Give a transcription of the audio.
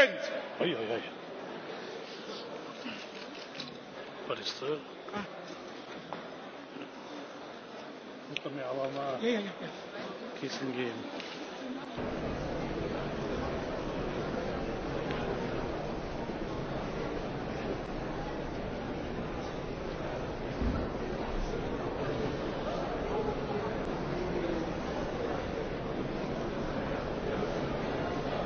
end. Oi, oi, oi. Wat is het? Ah. Moet er allemaal ja, ja, ja. kiezen geven.